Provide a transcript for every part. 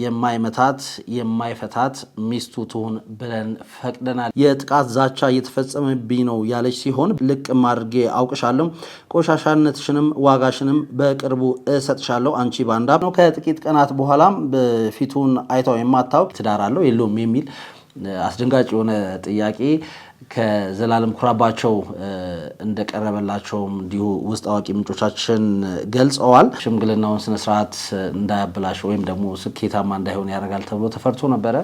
የማይመታት የማይፈታት ሚስቱ ትሁን ብለን ፈቅደናል። የጥቃት ዛቻ እየተፈጸመብኝ ነው ያለች ሲሆን ልቅም አድርጌ አውቅሻለሁ፣ ቆሻሻነትሽንም ዋጋሽንም በቅርቡ እሰጥሻለሁ፣ አንቺ ባንዳ ነው። ከጥቂት ቀናት በኋላም ፊቱን አይተው የማታውቅ ትዳር አለው የለውም የሚል አስደንጋጭ የሆነ ጥያቄ ከዘላለም ኩራባቸው እንደቀረበላቸውም እንዲሁ ውስጥ አዋቂ ምንጮቻችን ገልጸዋል። ሽምግልናውን ስነስርዓት እንዳያበላሽ ወይም ደግሞ ስኬታማ እንዳይሆን ያደርጋል ተብሎ ተፈርቶ ነበረ።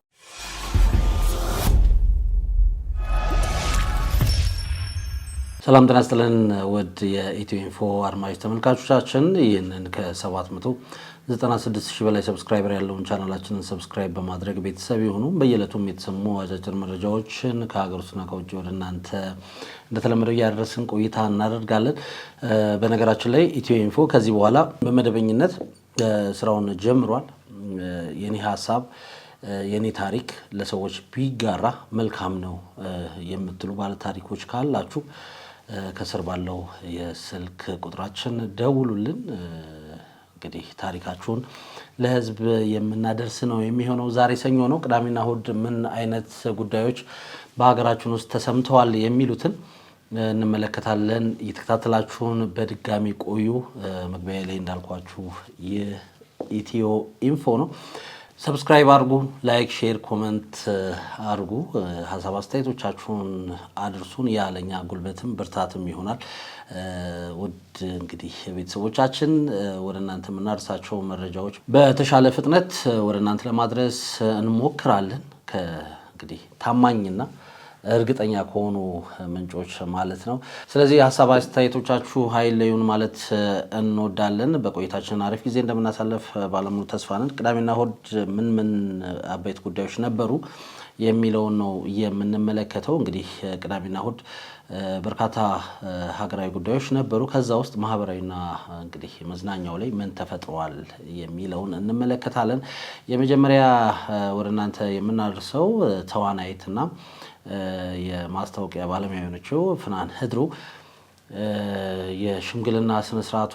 ሰላም ጤና ይስጥልን ውድ የኢትዮ ኢንፎ አድማጭ ተመልካቾቻችን፣ ይህንን ከ796 ሺህ በላይ ሰብስክራይበር ያለውን ቻናላችንን ሰብስክራይብ በማድረግ ቤተሰብ የሆኑ በየዕለቱም የተሰሙ አጫጭር መረጃዎችን ከሀገር ውስጥና ከውጭ ወደ እናንተ እንደተለመደው እያደረስን ቆይታ እናደርጋለን። በነገራችን ላይ ኢትዮ ኢንፎ ከዚህ በኋላ በመደበኝነት ስራውን ጀምሯል። የኔ ሀሳብ የኔ ታሪክ ለሰዎች ቢጋራ መልካም ነው የምትሉ ባለታሪኮች ካላችሁ ከስር ባለው የስልክ ቁጥራችን ደውሉልን። እንግዲህ ታሪካችሁን ለህዝብ የምናደርስ ነው የሚሆነው። ዛሬ ሰኞ ነው። ቅዳሜና እሁድ ምን አይነት ጉዳዮች በሀገራችን ውስጥ ተሰምተዋል የሚሉትን እንመለከታለን። እየተከታተላችሁን በድጋሚ ቆዩ። መግቢያ ላይ እንዳልኳችሁ ይህ ኢትዮ ኢንፎ ነው። ሰብስክራይብ አድርጉ፣ ላይክ፣ ሼር፣ ኮመንት አድርጉ። ሀሳብ አስተያየቶቻችሁን አድርሱን። ያለኛ ጉልበትም ብርታትም ይሆናል። ውድ እንግዲህ ቤተሰቦቻችን ወደ እናንተ የምናደርሳቸው መረጃዎች በተሻለ ፍጥነት ወደ እናንተ ለማድረስ እንሞክራለን። ከእንግዲህ ታማኝና እርግጠኛ ከሆኑ ምንጮች ማለት ነው። ስለዚህ ሀሳብ አስተያየቶቻችሁ አይለዩን ማለት እንወዳለን። በቆይታችን አሪፍ ጊዜ እንደምናሳለፍ ባለሙሉ ተስፋ ነን። ቅዳሜና እሁድ ምን ምን አበይት ጉዳዮች ነበሩ የሚለውን ነው የምንመለከተው። እንግዲህ ቅዳሜና እሁድ በርካታ ሀገራዊ ጉዳዮች ነበሩ። ከዛ ውስጥ ማህበራዊና እንግዲህ መዝናኛው ላይ ምን ተፈጥሯል የሚለውን እንመለከታለን። የመጀመሪያ ወደ እናንተ የምናደርሰው ተዋናይትና የማስታወቂያ ባለሙያ የሆነችው ፍናን ህድሩ የሽምግልና ስነስርዓቷ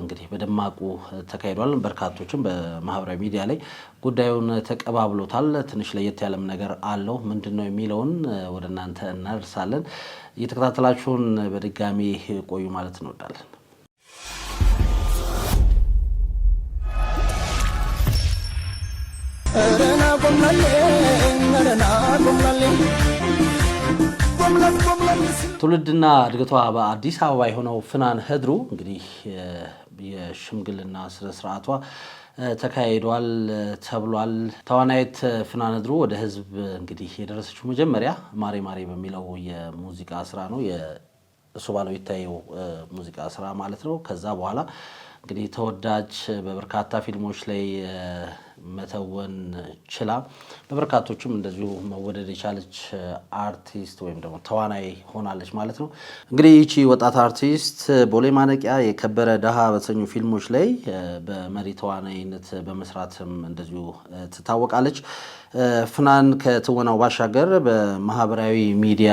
እንግዲህ በደማቁ ተካሂዷል። በርካቶችም በማህበራዊ ሚዲያ ላይ ጉዳዩን ተቀባብሎታል። ትንሽ ለየት ያለም ነገር አለው ምንድን ነው የሚለውን ወደ እናንተ እናደርሳለን። እየተከታተላችሁን በድጋሚ ቆዩ ማለት እንወዳለን። ትውልድና እድገቷ በአዲስ አበባ የሆነው ፍናን ህድሩ እንግዲህ የሽምግልና ስነ ስነስርዓቷ ተካሂዷል ተብሏል። ተዋናይት ፍናን ህድሩ ወደ ህዝብ እንግዲህ የደረሰችው መጀመሪያ ማሬ ማሬ በሚለው የሙዚቃ ስራ ነው። እሱ ባለው ይታየው ሙዚቃ ስራ ማለት ነው። ከዛ በኋላ እንግዲህ ተወዳጅ በበርካታ ፊልሞች ላይ መተወን ችላ በበርካቶችም እንደዚሁ መወደድ የቻለች አርቲስት ወይም ደግሞ ተዋናይ ሆናለች ማለት ነው። እንግዲህ ይቺ ወጣት አርቲስት ቦሌ ማነቂያ፣ የከበረ ደሃ በተሰኙ ፊልሞች ላይ በመሪ ተዋናይነት በመስራትም እንደዚሁ ትታወቃለች። ፍናን ከትወናው ባሻገር በማህበራዊ ሚዲያ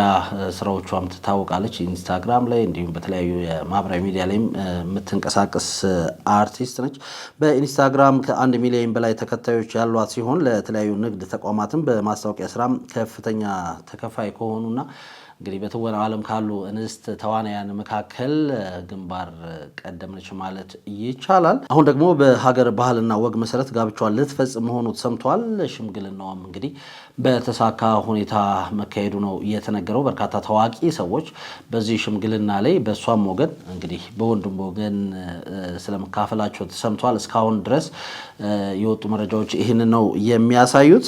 ስራዎቿም ትታወቃለች። ኢንስታግራም ላይ እንዲሁም በተለያዩ የማህበራዊ ሚዲያ ላይም የምትንቀሳቀስ አርቲስት ነች። በኢንስታግራም ከአንድ ሚሊዮን በላይ ተከታዮች ያሏት ሲሆን ለተለያዩ ንግድ ተቋማትም በማስታወቂያ ስራም ከፍተኛ ተከፋይ ከሆኑና እንግዲህ በትወናው ዓለም ካሉ እንስት ተዋናያን መካከል ግንባር ቀደም ነች ማለት ይቻላል። አሁን ደግሞ በሀገር ባህልና ወግ መሰረት ጋብቻዋን ልትፈጽም መሆኑ ተሰምቷል። ሽምግልናውም እንግዲህ በተሳካ ሁኔታ መካሄዱ ነው የተነገረው። በርካታ ታዋቂ ሰዎች በዚህ ሽምግልና ላይ በእሷም ወገን እንግዲህ በወንድም ወገን ስለመካፈላቸው ተሰምቷል። እስካሁን ድረስ የወጡ መረጃዎች ይህንን ነው የሚያሳዩት።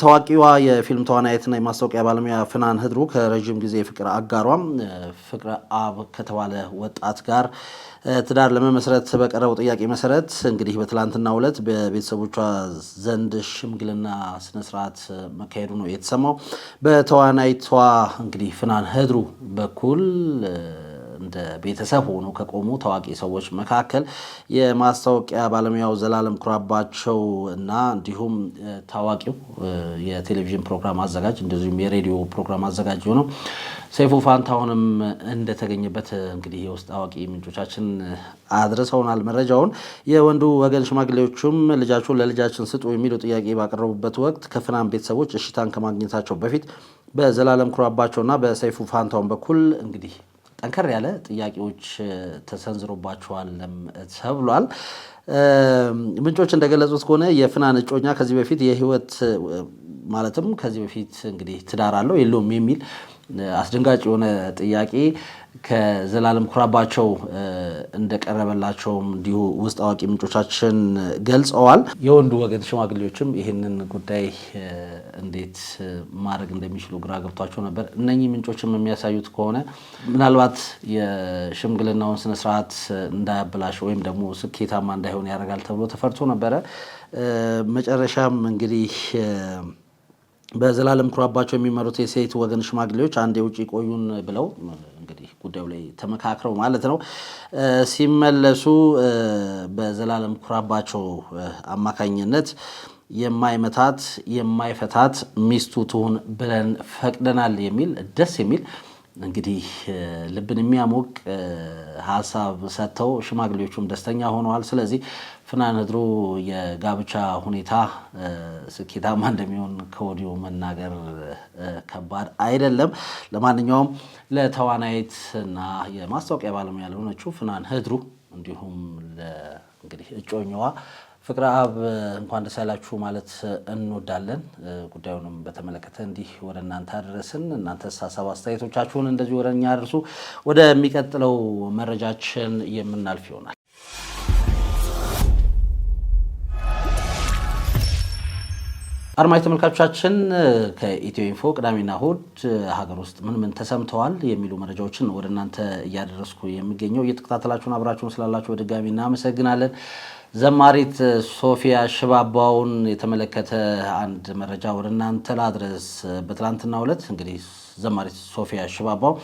ታዋቂዋ የፊልም ተዋናይትና የማስታወቂያ ባለሙያ ፍናን ህድሩ ከረዥም ጊዜ ፍቅር አጋሯም ፍቅረ አብ ከተባለ ወጣት ጋር ትዳር ለመመስረት በቀረበው ጥያቄ መሰረት እንግዲህ በትላንትናው ዕለት በቤተሰቦቿ ዘንድ ሽምግልና ስነስርዓት መካሄዱ ነው የተሰማው። በተዋናይቷ እንግዲህ ፍናን ህድሩ በኩል እንደ ቤተሰብ ሆኖ ከቆሙ ታዋቂ ሰዎች መካከል የማስታወቂያ ባለሙያው ዘላለም ኩራባቸው እና እንዲሁም ታዋቂው የቴሌቪዥን ፕሮግራም አዘጋጅ እንደዚሁም የሬዲዮ ፕሮግራም አዘጋጅ የሆነው ሰይፉ ፋንታሁንም እንደተገኘበት እንግዲህ የውስጥ አዋቂ ምንጮቻችን አድርሰውናል መረጃውን። የወንዱ ወገን ሽማግሌዎቹም ልጃችሁን ለልጃችን ስጡ የሚለው ጥያቄ ባቀረቡበት ወቅት ከፍናን ቤተሰቦች እሽታን ከማግኘታቸው በፊት በዘላለም ኩራባቸውና በሰይፉ ፋንታሁን በኩል እንግዲህ ጠንከር ያለ ጥያቄዎች ተሰንዝሮባቸዋል ተብሏል። ምንጮች እንደገለጹት ከሆነ የፍናን እጮኛ ከዚህ በፊት የህይወት ማለትም ከዚህ በፊት እንግዲህ ትዳር አለው የለውም የሚል አስደንጋጭ የሆነ ጥያቄ ከዘላለም ኩራባቸው እንደቀረበላቸውም እንዲሁ ውስጥ አዋቂ ምንጮቻችን ገልጸዋል። የወንዱ ወገን ሽማግሌዎችም ይህንን ጉዳይ እንዴት ማድረግ እንደሚችሉ ግራ ገብቷቸው ነበር። እነኚህ ምንጮችም የሚያሳዩት ከሆነ ምናልባት የሽምግልናውን ስነስርዓት እንዳያበላሽ ወይም ደግሞ ስኬታማ እንዳይሆን ያደርጋል ተብሎ ተፈርቶ ነበረ። መጨረሻም እንግዲህ በዘላለም ኩራባቸው የሚመሩት የሴት ወገን ሽማግሌዎች አንድ የውጭ ቆዩን ብለው እንግዲህ ጉዳዩ ላይ ተመካክረው ማለት ነው ሲመለሱ በዘላለም ኩራባቸው አማካኝነት የማይመታት የማይፈታት ሚስቱ ትሁን ብለን ፈቅደናል የሚል ደስ የሚል እንግዲህ ልብን የሚያሞቅ ሀሳብ ሰጥተው ሽማግሌዎቹም ደስተኛ ሆነዋል። ስለዚህ ፍናን ህድሩ የጋብቻ ሁኔታ ስኬታማ እንደሚሆን ከወዲሁ መናገር ከባድ አይደለም። ለማንኛውም ለተዋናይት እና የማስታወቂያ ባለሙያ ለሆነችው ፍናን ህድሩ እንዲሁም እንግዲህ እጮኛዋ ፍቅረ አብ እንኳን ደስ ያላችሁ ማለት እንወዳለን። ጉዳዩንም በተመለከተ እንዲህ ወደ እናንተ አደረስን። እናንተ ሀሳብ አስተያየቶቻችሁን እንደዚህ ወደ እኛ አድርሱ። ወደሚቀጥለው መረጃችን የምናልፍ ይሆናል። አድማጭ ተመልካቾቻችን ከኢትዮ ኢንፎ ቅዳሜና እሁድ ሀገር ውስጥ ምን ምን ተሰምተዋል የሚሉ መረጃዎችን ወደ እናንተ እያደረስኩ የሚገኘው እየተከታተላችሁን አብራችሁን ስላላችሁ በድጋሚ እናመሰግናለን። ዘማሪት ሶፊያ ሽባባውን የተመለከተ አንድ መረጃ ወደ እናንተ ላድረስ። በትናንትናው ዕለት እንግዲህ ዘማሪት ሶፊያ ሽባባው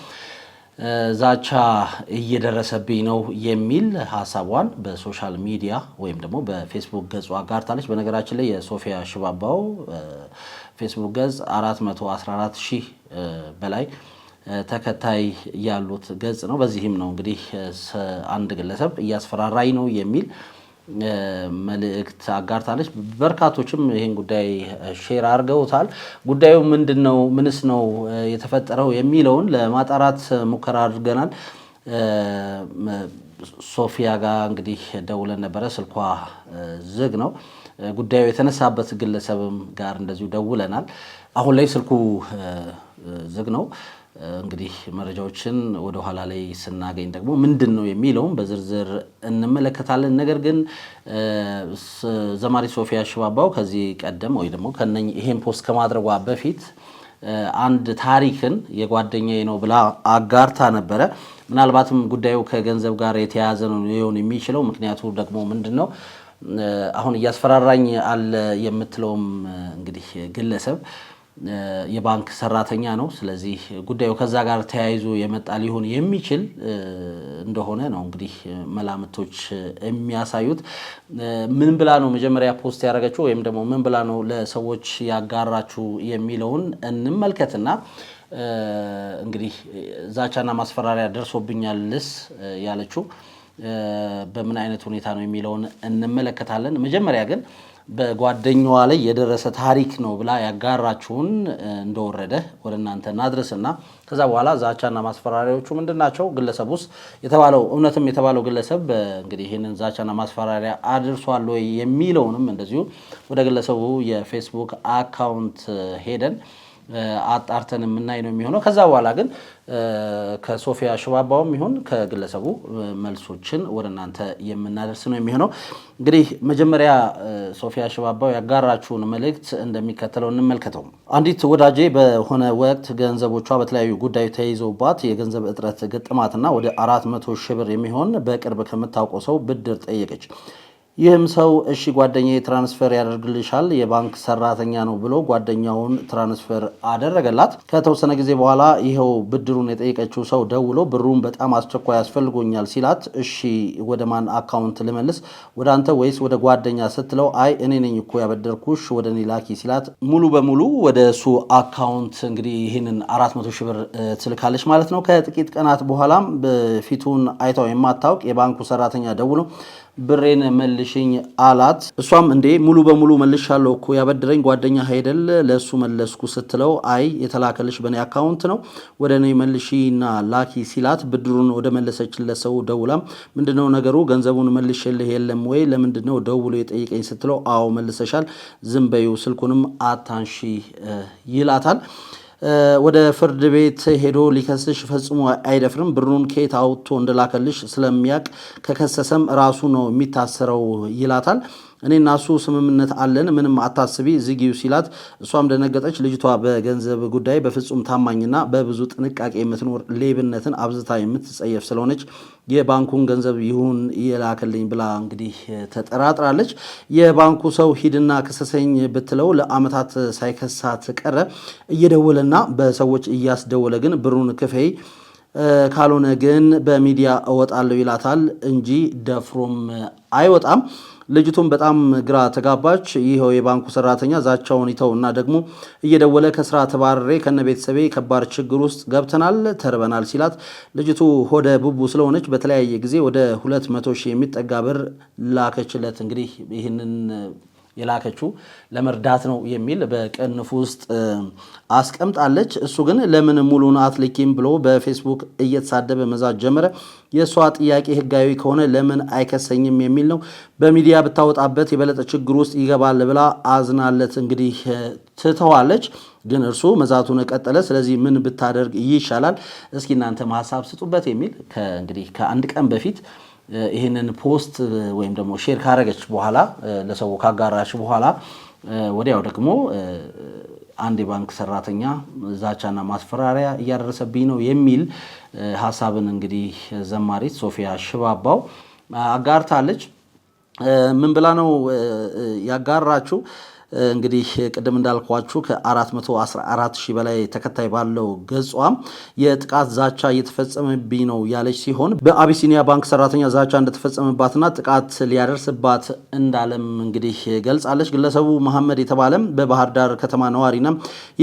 ዛቻ እየደረሰብኝ ነው የሚል ሀሳቧን በሶሻል ሚዲያ ወይም ደግሞ በፌስቡክ ገጹ አጋርታለች። በነገራችን ላይ የሶፊያ ሽባባው ፌስቡክ ገጽ 414 ሺህ በላይ ተከታይ ያሉት ገጽ ነው። በዚህም ነው እንግዲህ አንድ ግለሰብ እያስፈራራኝ ነው የሚል መልእክት አጋርታለች። በርካቶችም ይህን ጉዳይ ሼር አድርገውታል። ጉዳዩ ምንድን ነው? ምንስ ነው የተፈጠረው የሚለውን ለማጣራት ሙከራ አድርገናል። ሶፊያ ጋር እንግዲህ ደውለን ነበረ፣ ስልኳ ዝግ ነው። ጉዳዩ የተነሳበት ግለሰብም ጋር እንደዚሁ ደውለናል። አሁን ላይ ስልኩ ዝግ ነው። እንግዲህ መረጃዎችን ወደ ኋላ ላይ ስናገኝ ደግሞ ምንድን ነው የሚለውም በዝርዝር እንመለከታለን። ነገር ግን ዘማሪ ሶፊያ ሽባባው ከዚህ ቀደም ወይ ደግሞ ከነ ይሄን ፖስት ከማድረጓ በፊት አንድ ታሪክን የጓደኛዬ ነው ብላ አጋርታ ነበረ። ምናልባትም ጉዳዩ ከገንዘብ ጋር የተያያዘ ነው ሊሆን የሚችለው። ምክንያቱ ደግሞ ምንድን ነው አሁን እያስፈራራኝ አለ የምትለውም እንግዲህ ግለሰብ የባንክ ሰራተኛ ነው። ስለዚህ ጉዳዩ ከዛ ጋር ተያይዞ የመጣ ሊሆን የሚችል እንደሆነ ነው እንግዲህ መላምቶች የሚያሳዩት። ምን ብላ ነው መጀመሪያ ፖስት ያደረገችው ወይም ደግሞ ምን ብላ ነው ለሰዎች ያጋራችሁ የሚለውን እንመልከትና እንግዲህ ዛቻና ማስፈራሪያ ደርሶብኛልስ ያለችው በምን አይነት ሁኔታ ነው የሚለውን እንመለከታለን። መጀመሪያ ግን በጓደኛዋ ላይ የደረሰ ታሪክ ነው ብላ ያጋራችሁን እንደወረደ ወደ እናንተ እናድርስና ከዛ በኋላ ዛቻና ማስፈራሪያዎቹ ምንድን ናቸው? ግለሰብ ውስጥ የተባለው እውነትም የተባለው ግለሰብ እንግዲህ ይህንን ዛቻና ማስፈራሪያ አድርሷል ወይ የሚለውንም እንደዚሁ ወደ ግለሰቡ የፌስቡክ አካውንት ሄደን አጣርተን የምናይ ነው የሚሆነው። ከዛ በኋላ ግን ከሶፊያ ሽባባውም ይሁን ከግለሰቡ መልሶችን ወደ እናንተ የምናደርስ ነው የሚሆነው። እንግዲህ መጀመሪያ ሶፊያ ሽባባው ያጋራችሁን መልእክት እንደሚከተለው እንመልከተው። አንዲት ወዳጄ በሆነ ወቅት ገንዘቦቿ በተለያዩ ጉዳዮች ተይዘውባት የገንዘብ እጥረት ገጥማትና ወደ አራት መቶ ሺህ ብር የሚሆን በቅርብ ከምታውቀው ሰው ብድር ጠየቀች። ይህም ሰው እሺ ጓደኛ ትራንስፈር ያደርግልሻል የባንክ ሰራተኛ ነው ብሎ ጓደኛውን ትራንስፈር አደረገላት። ከተወሰነ ጊዜ በኋላ ይኸው ብድሩን የጠየቀችው ሰው ደውሎ ብሩን በጣም አስቸኳይ ያስፈልጎኛል ሲላት፣ እሺ ወደ ማን አካውንት ልመልስ ወደ አንተ ወይስ ወደ ጓደኛ ስትለው፣ አይ እኔ ነኝ እኮ ያበደርኩሽ ወደ እኔ ላኪ ሲላት፣ ሙሉ በሙሉ ወደ እሱ አካውንት እንግዲህ ይህንን አራት መቶ ሺህ ብር ትልካለች ማለት ነው። ከጥቂት ቀናት በኋላም ፊቱን አይተው የማታውቅ የባንኩ ሰራተኛ ደውሎ ብሬን መልሽኝ አላት። እሷም እንዴ ሙሉ በሙሉ መልሻለሁ እኮ ያበድረኝ ጓደኛ አይደል ለእሱ መለስኩ ስትለው አይ የተላከልሽ በእኔ አካውንት ነው ወደ እኔ መልሽና ላኪ ሲላት ብድሩን ወደ መለሰችለት ሰው ደውላም ምንድነው ነገሩ ገንዘቡን መልሽልህ የለም ወይ ለምንድነው ደውሎ የጠይቀኝ ስትለው አዎ መልሰሻል፣ ዝም በይው ስልኩንም አታንሺ ይላታል። ወደ ፍርድ ቤት ሄዶ ሊከስሽ ፈጽሞ አይደፍርም። ብሩን ከየት አውጥቶ እንደላከልሽ ስለሚያቅ ከከሰሰም ራሱ ነው የሚታሰረው ይላታል። እኔና እሱ ስምምነት አለን፣ ምንም አታስቢ ዝጊው ሲላት እሷም ደነገጠች። ልጅቷ በገንዘብ ጉዳይ በፍጹም ታማኝና በብዙ ጥንቃቄ የምትኖር ሌብነትን አብዝታ የምትጸየፍ ስለሆነች የባንኩን ገንዘብ ይሁን የላከልኝ ብላ እንግዲህ ተጠራጥራለች። የባንኩ ሰው ሂድና ክሰሰኝ ብትለው ለአመታት ሳይከሳት ቀረ። እየደወለና በሰዎች እያስደወለ ግን ብሩን ክፈይ ካልሆነ ግን በሚዲያ እወጣለሁ ይላታል እንጂ ደፍሮም አይወጣም። ልጅቱም በጣም ግራ ተጋባች። ይኸው የባንኩ ሰራተኛ ዛቻውን እና ደግሞ እየደወለ ከስራ ተባረሬ ከነ ቤተሰቤ ከባድ ችግር ውስጥ ገብተናል፣ ተርበናል ሲላት ልጅቱ ሆደ ቡቡ ስለሆነች በተለያየ ጊዜ ወደ ሁለት መቶ ሺህ የሚጠጋ ብር ላከችለት። እንግዲህ ይህንን የላከችው ለመርዳት ነው የሚል በቅንፍ ውስጥ አስቀምጣለች። እሱ ግን ለምን ሙሉን አትልኪም ብሎ በፌስቡክ እየተሳደበ መዛት ጀመረ። የእሷ ጥያቄ ህጋዊ ከሆነ ለምን አይከሰኝም የሚል ነው። በሚዲያ ብታወጣበት የበለጠ ችግር ውስጥ ይገባል ብላ አዝናለት እንግዲህ ትተዋለች። ግን እርሱ መዛቱን ቀጠለ። ስለዚህ ምን ብታደርግ ይሻላል? እስኪ እናንተ ሀሳብ ስጡበት የሚል ከእንግዲህ ከአንድ ቀን በፊት ይህንን ፖስት ወይም ደግሞ ሼር ካረገች በኋላ ለሰው ካጋራች በኋላ ወዲያው ደግሞ አንድ የባንክ ሰራተኛ ዛቻና ማስፈራሪያ እያደረሰብኝ ነው የሚል ሀሳብን እንግዲህ ዘማሪት ሶፊያ ሽባባው አጋርታለች። ምን ብላ ነው ያጋራችው? እንግዲህ ቅድም እንዳልኳችሁ ከ414 ሺህ በላይ ተከታይ ባለው ገጿ የጥቃት ዛቻ እየተፈጸመብኝ ነው ያለች ሲሆን በአቢሲኒያ ባንክ ሰራተኛ ዛቻ እንደተፈጸመባትና ጥቃት ሊያደርስባት እንዳለም እንግዲህ ገልጻለች። ግለሰቡ መሐመድ የተባለም በባህር ዳር ከተማ ነዋሪና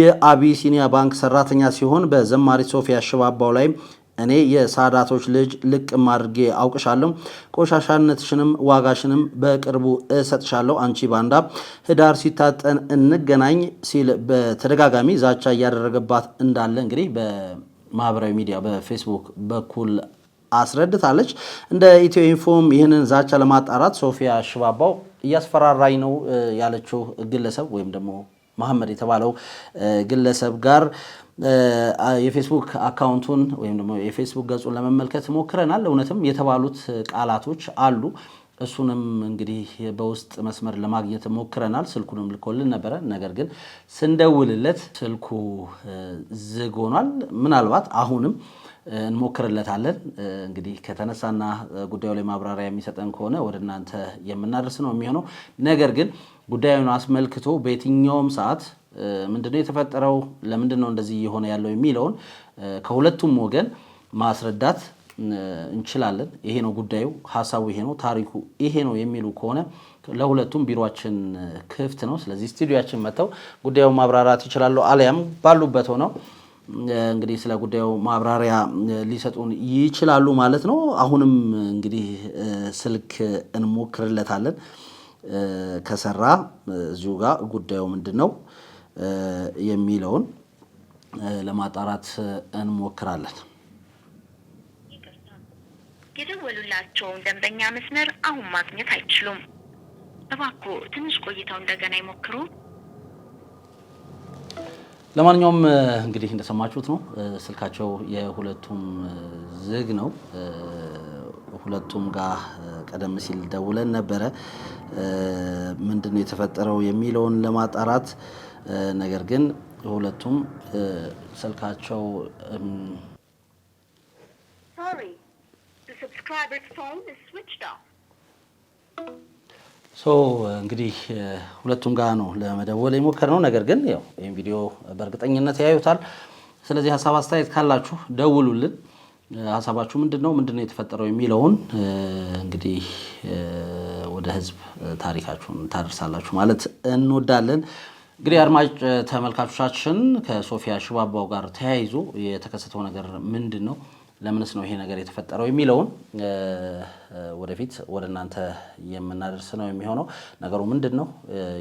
የአቢሲኒያ ባንክ ሰራተኛ ሲሆን በዘማሪ ሶፊያ ሽባባው ላይ እኔ የሳዳቶች ልጅ ልቅም አድርጌ አውቅሻለሁ፣ ቆሻሻነትሽንም ዋጋሽንም በቅርቡ እሰጥሻለሁ። አንቺ ባንዳ ህዳር ሲታጠን እንገናኝ ሲል በተደጋጋሚ ዛቻ እያደረገባት እንዳለ እንግዲህ በማህበራዊ ሚዲያ በፌስቡክ በኩል አስረድታለች። እንደ ኢትዮ ኢንፎም ይህንን ዛቻ ለማጣራት ሶፊያ ሽባባው እያስፈራራኝ ነው ያለችው ግለሰብ ወይም ደግሞ መሐመድ የተባለው ግለሰብ ጋር የፌስቡክ አካውንቱን ወይም ደግሞ የፌስቡክ ገጹን ለመመልከት ሞክረናል። እውነትም የተባሉት ቃላቶች አሉ። እሱንም እንግዲህ በውስጥ መስመር ለማግኘት ሞክረናል። ስልኩንም ልኮልን ነበረ። ነገር ግን ስንደውልለት ስልኩ ዝግ ሆኗል። ምናልባት አሁንም እንሞክርለታለን። እንግዲህ ከተነሳና ጉዳዩ ላይ ማብራሪያ የሚሰጠን ከሆነ ወደ እናንተ የምናደርስ ነው የሚሆነው። ነገር ግን ጉዳዩን አስመልክቶ በየትኛውም ሰዓት ምንድነው የተፈጠረው፣ ለምንድን ነው እንደዚህ እየሆነ ያለው የሚለውን ከሁለቱም ወገን ማስረዳት እንችላለን። ይሄ ነው ጉዳዩ፣ ሀሳቡ ይሄ ነው፣ ታሪኩ ይሄ ነው የሚሉ ከሆነ ለሁለቱም ቢሮችን ክፍት ነው። ስለዚህ ስቱዲዮችን መጥተው ጉዳዩ ማብራራት ይችላሉ። አሊያም ባሉበት ሆነው እንግዲህ ስለ ጉዳዩ ማብራሪያ ሊሰጡን ይችላሉ ማለት ነው። አሁንም እንግዲህ ስልክ እንሞክርለታለን። ከሰራ እዚሁ ጋር ጉዳዩ ምንድን ነው የሚለውን ለማጣራት እንሞክራለን። የደወሉላቸውን ደንበኛ መስመር አሁን ማግኘት አይችሉም። እባክዎ ትንሽ ቆይተው እንደገና ይሞክሩ። ለማንኛውም እንግዲህ እንደሰማችሁት ነው። ስልካቸው የሁለቱም ዝግ ነው። ሁለቱም ጋር ቀደም ሲል ደውለን ነበረ። ምንድን ነው የተፈጠረው የሚለውን ለማጣራት ነገር ግን ሁለቱም ስልካቸው እንግዲህ ሁለቱም ጋር ነው ለመደወል ነው ነገር ግን ያው ይህም ቪዲዮ በእርግጠኝነት ያዩታል። ስለዚህ ሀሳብ አስተያየት ካላችሁ ደውሉልን። ሀሳባችሁ ምንድን ነው? ምንድን ነው የተፈጠረው የሚለውን እንግዲህ ወደ ህዝብ ታሪካችሁን ታደርሳላችሁ ማለት እንወዳለን። እንግዲህ አድማጭ ተመልካቾቻችን ከሶፊያ ሽባባው ጋር ተያይዞ የተከሰተው ነገር ምንድን ነው? ለምንስ ነው ይሄ ነገር የተፈጠረው የሚለውን ወደፊት ወደ እናንተ የምናደርስ ነው የሚሆነው። ነገሩ ምንድን ነው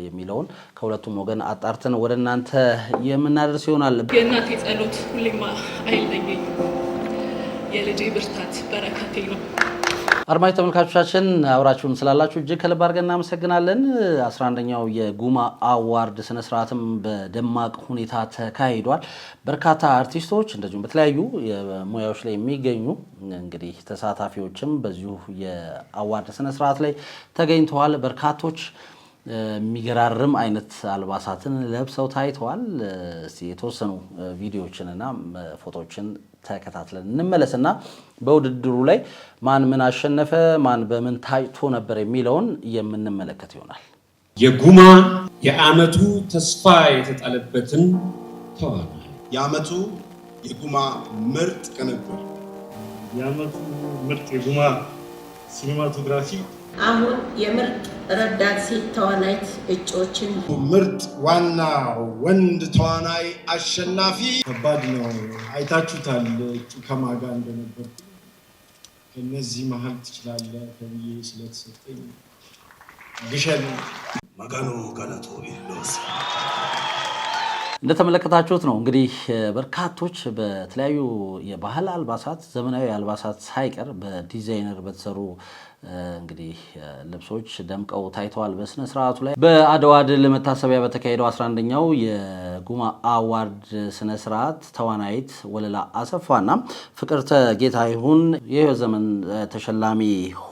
የሚለውን ከሁለቱም ወገን አጣርተን ወደ እናንተ የምናደርስ ይሆናል። የእናቴ ጸሎት ሁሌማ አይለየኝ፣ የልጄ ብርታት በረከቴ ነው። አድማጭ ተመልካቾቻችን አብራችሁን ስላላችሁ እጅግ ከልብ አድርገን እናመሰግናለን። 11ኛው የጉማ አዋርድ ስነስርዓትም በደማቅ ሁኔታ ተካሂዷል። በርካታ አርቲስቶች እንደዚሁም በተለያዩ ሙያዎች ላይ የሚገኙ እንግዲህ ተሳታፊዎችም በዚሁ የአዋርድ ስነስርዓት ላይ ተገኝተዋል። በርካቶች የሚገራርም አይነት አልባሳትን ለብሰው ታይተዋል። የተወሰኑ ቪዲዮዎችንና ፎቶዎችን ተከታትለን እንመለስና በውድድሩ ላይ ማን ምን አሸነፈ፣ ማን በምን ታይቶ ነበር የሚለውን የምንመለከት ይሆናል። የጉማ የዓመቱ ተስፋ የተጣለበትን ተዋናይ የዓመቱ የጉማ ምርጥ ቅንብር የዓመቱ ምርጥ የጉማ ሲኒማቶግራፊ አሁን የምርጥ ረዳት ሴት ተዋናይት እጩዎችን ምርጥ ዋና ወንድ ተዋናይ አሸናፊ ከባድ ነው። አይታችሁታል እጩ ከማጋ እንደነበር ከነዚህ መሀል ትችላለ ተብዬ ስለተሰጠኝ ግሸን መጋኖ ጋላቶ ለወስ እንደተመለከታችሁት ነው እንግዲህ በርካቶች በተለያዩ የባህል አልባሳት፣ ዘመናዊ አልባሳት ሳይቀር በዲዛይነር በተሰሩ እንግዲህ ልብሶች ደምቀው ታይተዋል በስነ ስርዓቱ ላይ። በአድዋ ድል መታሰቢያ በተካሄደው 11ኛው የጉማ አዋርድ ስነ ስርዓት ተዋናይት ወለላ አሰፋና ፍቅርተ ጌታይሁን የህይወት ዘመን ተሸላሚ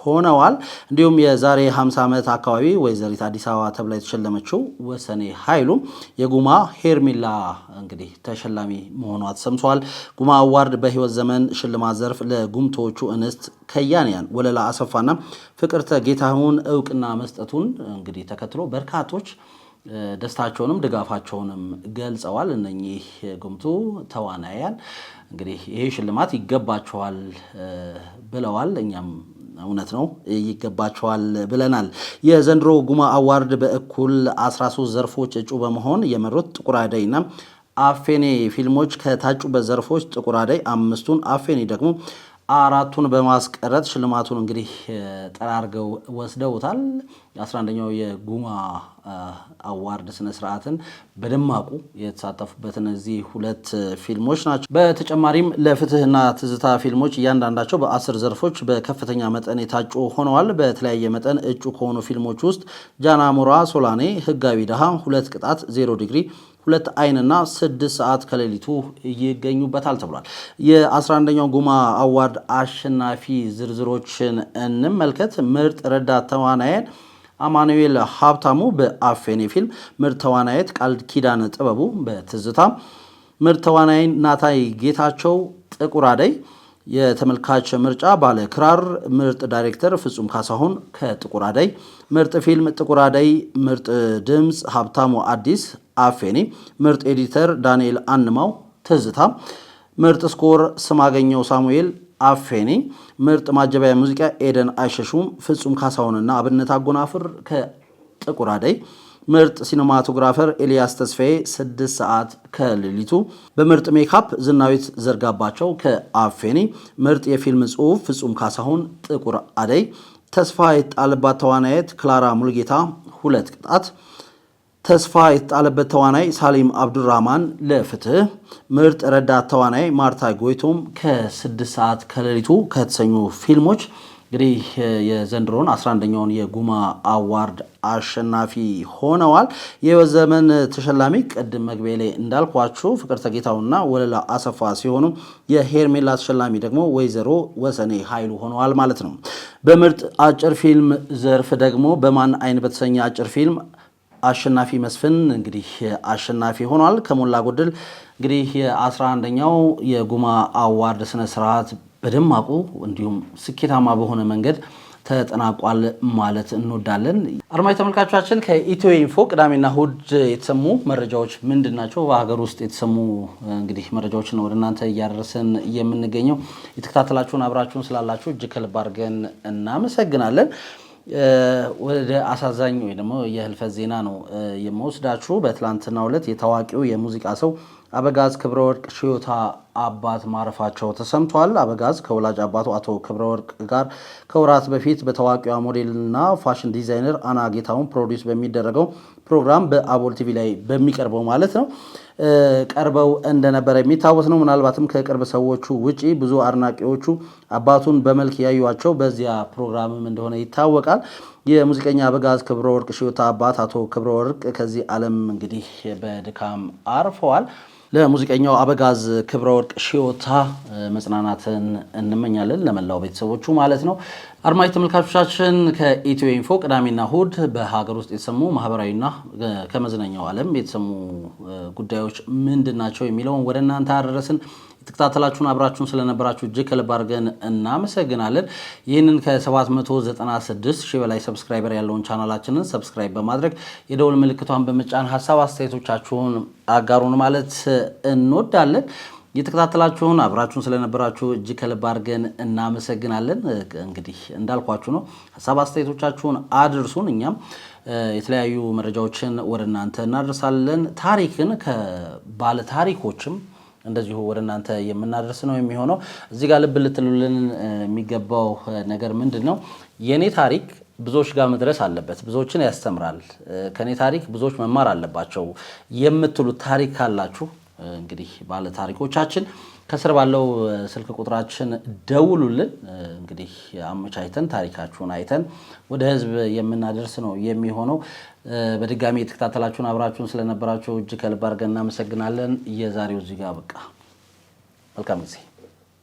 ሆነዋል። እንዲሁም የዛሬ 50 ዓመት አካባቢ ወይዘሪት አዲስ አበባ ተብላ የተሸለመችው ወሰኔ ኃይሉ የጉማ ሄርሜላ እንግዲህ ተሸላሚ መሆኗ ተሰምቷል። ጉማ አዋርድ በህይወት ዘመን ሽልማት ዘርፍ ለጉምቶቹ እንስት ከያንያን ወለላ አሰፋና ፍቅርተ ጌታሁን እውቅና መስጠቱን እንግዲህ ተከትሎ በርካቶች ደስታቸውንም ድጋፋቸውንም ገልጸዋል። እነኚህ ጉምቱ ተዋናያን እንግዲህ ይሄ ሽልማት ይገባቸዋል ብለዋል። እኛም እውነት ነው ይገባቸዋል ብለናል። የዘንድሮ ጉማ አዋርድ በእኩል 13 ዘርፎች እጩ በመሆን የመሩት ጥቁር አደይና አፌኔ ፊልሞች ከታጩበት ዘርፎች ጥቁር አደይ አምስቱን፣ አፌኔ ደግሞ አራቱን በማስቀረት ሽልማቱን እንግዲህ ጠራርገው ወስደውታል። አስራአንደኛው የጉማ አዋርድ ስነስርዓትን በደማቁ የተሳተፉበት እነዚህ ሁለት ፊልሞች ናቸው። በተጨማሪም ለፍትህና ትዝታ ፊልሞች እያንዳንዳቸው በአስር ዘርፎች በከፍተኛ መጠን የታጩ ሆነዋል። በተለያየ መጠን እጩ ከሆኑ ፊልሞች ውስጥ ጃናሞራ ሶላኔ፣ ህጋዊ ድሃ፣ ሁለት ቅጣት፣ ዜሮ ዲግሪ ሁለት አይንና ስድስት ሰዓት ከሌሊቱ ይገኙበታል ተብሏል። የ11ኛው ጉማ አዋርድ አሸናፊ ዝርዝሮችን እንመልከት። ምርጥ ረዳት ተዋናየን አማኑኤል ሀብታሙ በአፌኔ ፊልም፣ ምርጥ ተዋናየት ቃል ኪዳን ጥበቡ በትዝታ፣ ምርጥ ተዋናይን ናታይ ጌታቸው ጥቁር አደይ የተመልካች ምርጫ ባለ ክራር፣ ምርጥ ዳይሬክተር ፍጹም ካሳሁን ከጥቁር አደይ፣ ምርጥ ፊልም ጥቁር አደይ፣ ምርጥ ድምፅ ሀብታሙ አዲስ አፌኔ፣ ምርጥ ኤዲተር ዳንኤል አንማው ትዝታ፣ ምርጥ ስኮር ስማገኘው ሳሙኤል አፌኔ፣ ምርጥ ማጀቢያ ሙዚቃ ኤደን አይሸሹም ፍጹም ካሳሁንና አብነት አጎናፍር ከጥቁር አደይ ምርጥ ሲኒማቶግራፈር ኤልያስ ተስፋዬ ስድስት ሰዓት ከሌሊቱ፣ በምርጥ ሜካፕ ዝናዊት ዘርጋባቸው ከአፌኔ፣ ምርጥ የፊልም ጽሑፍ ፍጹም ካሳሁን ጥቁር አደይ፣ ተስፋ የጣልባት ተዋናየት ክላራ ሙልጌታ ሁለት ቅጣት ተስፋ የተጣለበት ተዋናይ ሳሊም አብዱራህማን ለፍትህ፣ ምርጥ ረዳት ተዋናይ ማርታ ጎይቶም ከስድስት ሰዓት ከሌሊቱ ከተሰኙ ፊልሞች እንግዲህ የዘንድሮን 11ኛውን የጉማ አዋርድ አሸናፊ ሆነዋል። የህይወት ዘመን ተሸላሚ ቅድም መግቢያ ላይ እንዳልኳችሁ ፍቅርተ ጌታውና ወለላ አሰፋ ሲሆኑ የሄርሜላ ተሸላሚ ደግሞ ወይዘሮ ወሰኔ ኃይሉ ሆነዋል ማለት ነው። በምርጥ አጭር ፊልም ዘርፍ ደግሞ በማን አይን በተሰኘ አጭር ፊልም አሸናፊ መስፍን እንግዲህ አሸናፊ ሆኗል። ከሞላ ጎደል እንግዲህ የአስራ አንደኛው የጉማ አዋርድ ስነ ስርዓት በደማቁ እንዲሁም ስኬታማ በሆነ መንገድ ተጠናቋል ማለት እንወዳለን። አድማጭ ተመልካቾቻችን ከኢትዮ ኢንፎ ቅዳሜና እሁድ የተሰሙ መረጃዎች ምንድን ናቸው? በሀገር ውስጥ የተሰሙ እንግዲህ ነው ወደ እናንተ እያደረሰን የምንገኘው የተከታተላችሁን አብራችሁን ስላላችሁ እጅ ከልብ አድርገን እናመሰግናለን። ወደ አሳዛኝ ወይ ደግሞ የህልፈት ዜና ነው የምወስዳችሁ። በትላንትናው ዕለት የታዋቂው የሙዚቃ ሰው አበጋዝ ክብረወርቅ ሽዮታ አባት ማረፋቸው ተሰምቷል። አበጋዝ ከወላጅ አባቱ አቶ ክብረወርቅ ጋር ከወራት በፊት በታዋቂዋ ሞዴልና ፋሽን ዲዛይነር አና ጌታውን ፕሮዲስ በሚደረገው ፕሮግራም በአቦል ቲቪ ላይ በሚቀርበው ማለት ነው ቀርበው እንደነበረ የሚታወስ ነው። ምናልባትም ከቅርብ ሰዎቹ ውጪ ብዙ አድናቂዎቹ አባቱን በመልክ ያዩቸው በዚያ ፕሮግራምም እንደሆነ ይታወቃል። የሙዚቀኛ በጋዝ ክብረ ወርቅ ሽዮታ አባት አቶ ክብረ ወርቅ ከዚህ ዓለም እንግዲህ በድካም አርፈዋል። ለሙዚቀኛው አበጋዝ ክብረወርቅ ሺዮታ መጽናናትን እንመኛለን፣ ለመላው ቤተሰቦቹ ማለት ነው። አድማጭ ተመልካቾቻችን ከኢትዮ ኢንፎ ቅዳሜና እሁድ በሀገር ውስጥ የተሰሙ ማህበራዊና ከመዝናኛው ዓለም የተሰሙ ጉዳዮች ምንድን ናቸው የሚለውን ወደ እናንተ አደረስን። ተከታተላችሁን አብራችሁን ስለነበራችሁ እጅግ ከልብ አድርገን እናመሰግናለን። ይህንን ከ796 ሺህ በላይ ሰብስክራይበር ያለውን ቻናላችንን ሰብስክራይብ በማድረግ የደውል ምልክቷን በመጫን ሀሳብ አስተያየቶቻችሁን አጋሩን ማለት እንወዳለን። የተከታተላችሁን አብራችሁን ስለነበራችሁ እጅግ ከልብ አድርገን እናመሰግናለን። እንግዲህ እንዳልኳችሁ ነው፣ ሀሳብ አስተያየቶቻችሁን አድርሱን። እኛም የተለያዩ መረጃዎችን ወደ እናንተ እናደርሳለን። ታሪክን ከባለ ታሪኮችም እንደዚሁ ወደ እናንተ የምናደርስ ነው የሚሆነው። እዚህ ጋር ልብ ልትሉልን የሚገባው ነገር ምንድን ነው? የእኔ ታሪክ ብዙዎች ጋር መድረስ አለበት። ብዙዎችን ያስተምራል። ከእኔ ታሪክ ብዙዎች መማር አለባቸው የምትሉት ታሪክ ካላችሁ እንግዲህ ባለ ታሪኮቻችን ከስር ባለው ስልክ ቁጥራችን ደውሉልን። እንግዲህ አመቻችተን ታሪካችሁን አይተን ወደ ህዝብ የምናደርስ ነው የሚሆነው። በድጋሚ የተከታተላችሁን አብራችሁን ስለነበራችሁ እጅ ከልብ አድርገን እናመሰግናለን። የዛሬው እዚህ ጋር በቃ መልካም ጊዜ